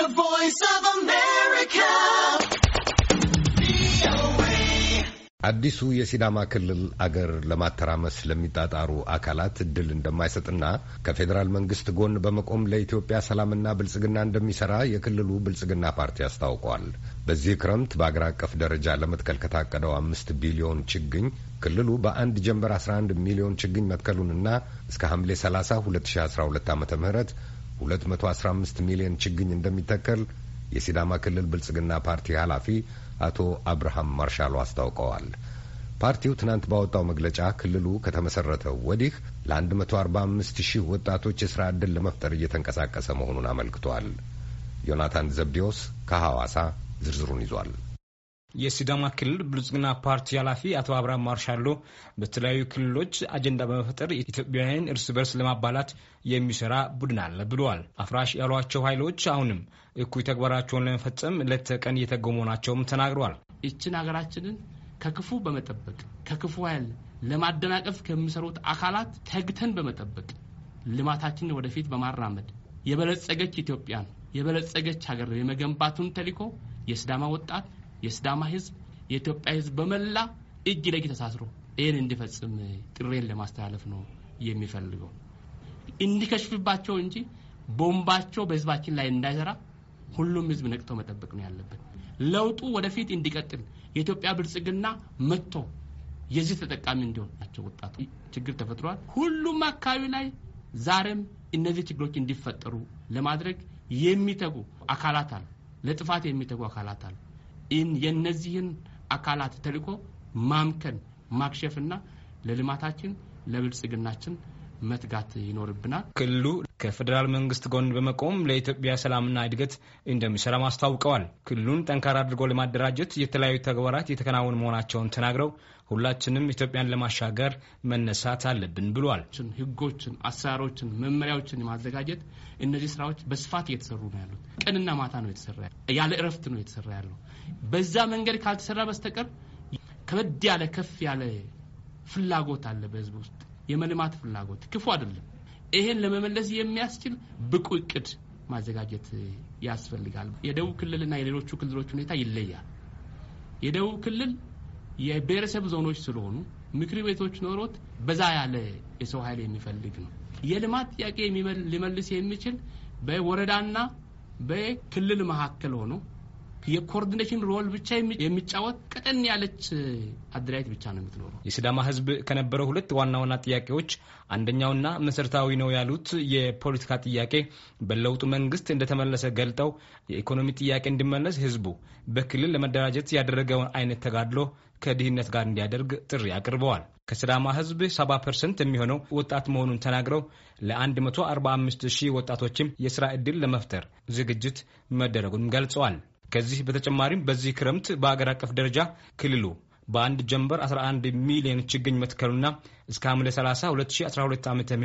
The Voice of America. አዲሱ የሲዳማ ክልል አገር ለማተራመስ ለሚጣጣሩ አካላት እድል እንደማይሰጥና ከፌዴራል መንግስት ጎን በመቆም ለኢትዮጵያ ሰላምና ብልጽግና እንደሚሰራ የክልሉ ብልጽግና ፓርቲ አስታውቋል። በዚህ ክረምት በአገር አቀፍ ደረጃ ለመትከል ከታቀደው አምስት ቢሊዮን ችግኝ ክልሉ በአንድ ጀንበር 11 ሚሊዮን ችግኝ መትከሉንና እስከ ሐምሌ 30 2012 ዓ ም 215 ሚሊዮን ችግኝ እንደሚተከል የሲዳማ ክልል ብልጽግና ፓርቲ ኃላፊ አቶ አብርሃም ማርሻሉ አስታውቀዋል። ፓርቲው ትናንት ባወጣው መግለጫ ክልሉ ከተመሰረተው ወዲህ ለ145 ሺህ ወጣቶች የሥራ ዕድል ለመፍጠር እየተንቀሳቀሰ መሆኑን አመልክቷል። ዮናታን ዘብዴዎስ ከሐዋሳ ዝርዝሩን ይዟል። የሲዳማ ክልል ብልጽግና ፓርቲ ኃላፊ አቶ አብርሃም ማርሻሎ በተለያዩ ክልሎች አጀንዳ በመፍጠር ኢትዮጵያውያን እርስ በርስ ለማባላት የሚሰራ ቡድን አለ ብለዋል። አፍራሽ ያሏቸው ኃይሎች አሁንም እኩይ ተግባራቸውን ለመፈጸም ሌት ተቀን ናቸውም ተናግረዋል። ይችን ሀገራችንን ከክፉ በመጠበቅ ከክፉ ኃይል ለማደናቀፍ ከሚሰሩት አካላት ተግተን በመጠበቅ ልማታችንን ወደፊት በማራመድ የበለጸገች ኢትዮጵያን የበለጸገች ሀገር የመገንባቱን ተልዕኮ የስዳማ ወጣት የስዳማ ህዝብ፣ የኢትዮጵያ ህዝብ በመላ እጅ ለእጅ ተሳስሮ ይህን እንዲፈጽም ጥሬን ለማስተላለፍ ነው የሚፈልገው። እንዲከሽፍባቸው እንጂ ቦምባቸው በህዝባችን ላይ እንዳይሰራ ሁሉም ህዝብ ነቅቶ መጠበቅ ነው ያለበት። ለውጡ ወደፊት እንዲቀጥል የኢትዮጵያ ብልጽግና መጥቶ የዚህ ተጠቃሚ እንዲሆን ናቸው ወጣቱ። ችግር ተፈጥሯል። ሁሉም አካባቢ ላይ ዛሬም እነዚህ ችግሮች እንዲፈጠሩ ለማድረግ የሚተጉ አካላት አሉ። ለጥፋት የሚተጉ አካላት አሉ። የእነዚህን አካላት ተልኮ ማምከን ማክሸፍና ለልማታችን ለብልጽግናችን መትጋት ይኖርብናል። ክልሉ ከፌዴራል መንግስት ጎን በመቆም ለኢትዮጵያ ሰላምና እድገት እንደሚሰራም አስታውቀዋል። ክልሉን ጠንካራ አድርጎ ለማደራጀት የተለያዩ ተግባራት የተከናወኑ መሆናቸውን ተናግረው ሁላችንም ኢትዮጵያን ለማሻገር መነሳት አለብን ብሏል። ህጎችን፣ አሰራሮችን፣ መመሪያዎችን የማዘጋጀት እነዚህ ስራዎች በስፋት እየተሰሩ ነው ያሉት። ቀንና ማታ ነው የተሰራ ያለ እረፍት ነው የተሰራ ያለው። በዛ መንገድ ካልተሰራ በስተቀር ከበድ ያለ ከፍ ያለ ፍላጎት አለ በህዝብ ውስጥ የመልማት ፍላጎት ክፉ አይደለም። ይሄን ለመመለስ የሚያስችል ብቁ እቅድ ማዘጋጀት ያስፈልጋል። የደቡብ ክልልና የሌሎቹ ክልሎች ሁኔታ ይለያል። የደቡብ ክልል የብሔረሰብ ዞኖች ስለሆኑ ምክር ቤቶች ኖሮት በዛ ያለ የሰው ኃይል የሚፈልግ ነው። የልማት ጥያቄ ሊመልስ የሚችል በወረዳና በክልል መካከል ሆኖ የኮኦርዲኔሽን ሮል ብቻ የሚጫወት ቀጠን ያለች አደራጅት ብቻ ነው የምትኖረው። የሲዳማ ህዝብ ከነበረው ሁለት ዋና ዋና ጥያቄዎች አንደኛውና መሰረታዊ ነው ያሉት የፖለቲካ ጥያቄ በለውጡ መንግስት እንደተመለሰ ገልጠው የኢኮኖሚ ጥያቄ እንዲመለስ ህዝቡ በክልል ለመደራጀት ያደረገውን አይነት ተጋድሎ ከድህነት ጋር እንዲያደርግ ጥሪ አቅርበዋል። ከስዳማ ህዝብ 70 ፐርሰንት የሚሆነው ወጣት መሆኑን ተናግረው ለ145 ሺህ ወጣቶችም የስራ ዕድል ለመፍጠር ዝግጅት መደረጉን ገልጸዋል። ከዚህ በተጨማሪም በዚህ ክረምት በአገር አቀፍ ደረጃ ክልሉ በአንድ ጀንበር 11 ሚሊዮን ችግኝ መትከሉና እስከ ሐምሌ 30 2012 ዓ ምትም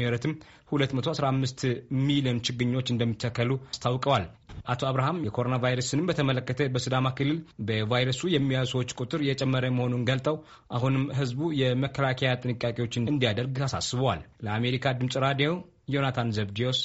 215 ሚሊዮን ችግኞች እንደሚተከሉ አስታውቀዋል። አቶ አብርሃም የኮሮና ቫይረስንም በተመለከተ በስዳማ ክልል በቫይረሱ የሚያዙ ሰዎች ቁጥር የጨመረ መሆኑን ገልጠው አሁንም ህዝቡ የመከላከያ ጥንቃቄዎችን እንዲያደርግ አሳስበዋል። ለአሜሪካ ድምፅ ራዲዮ ዮናታን ዘብዲዮስ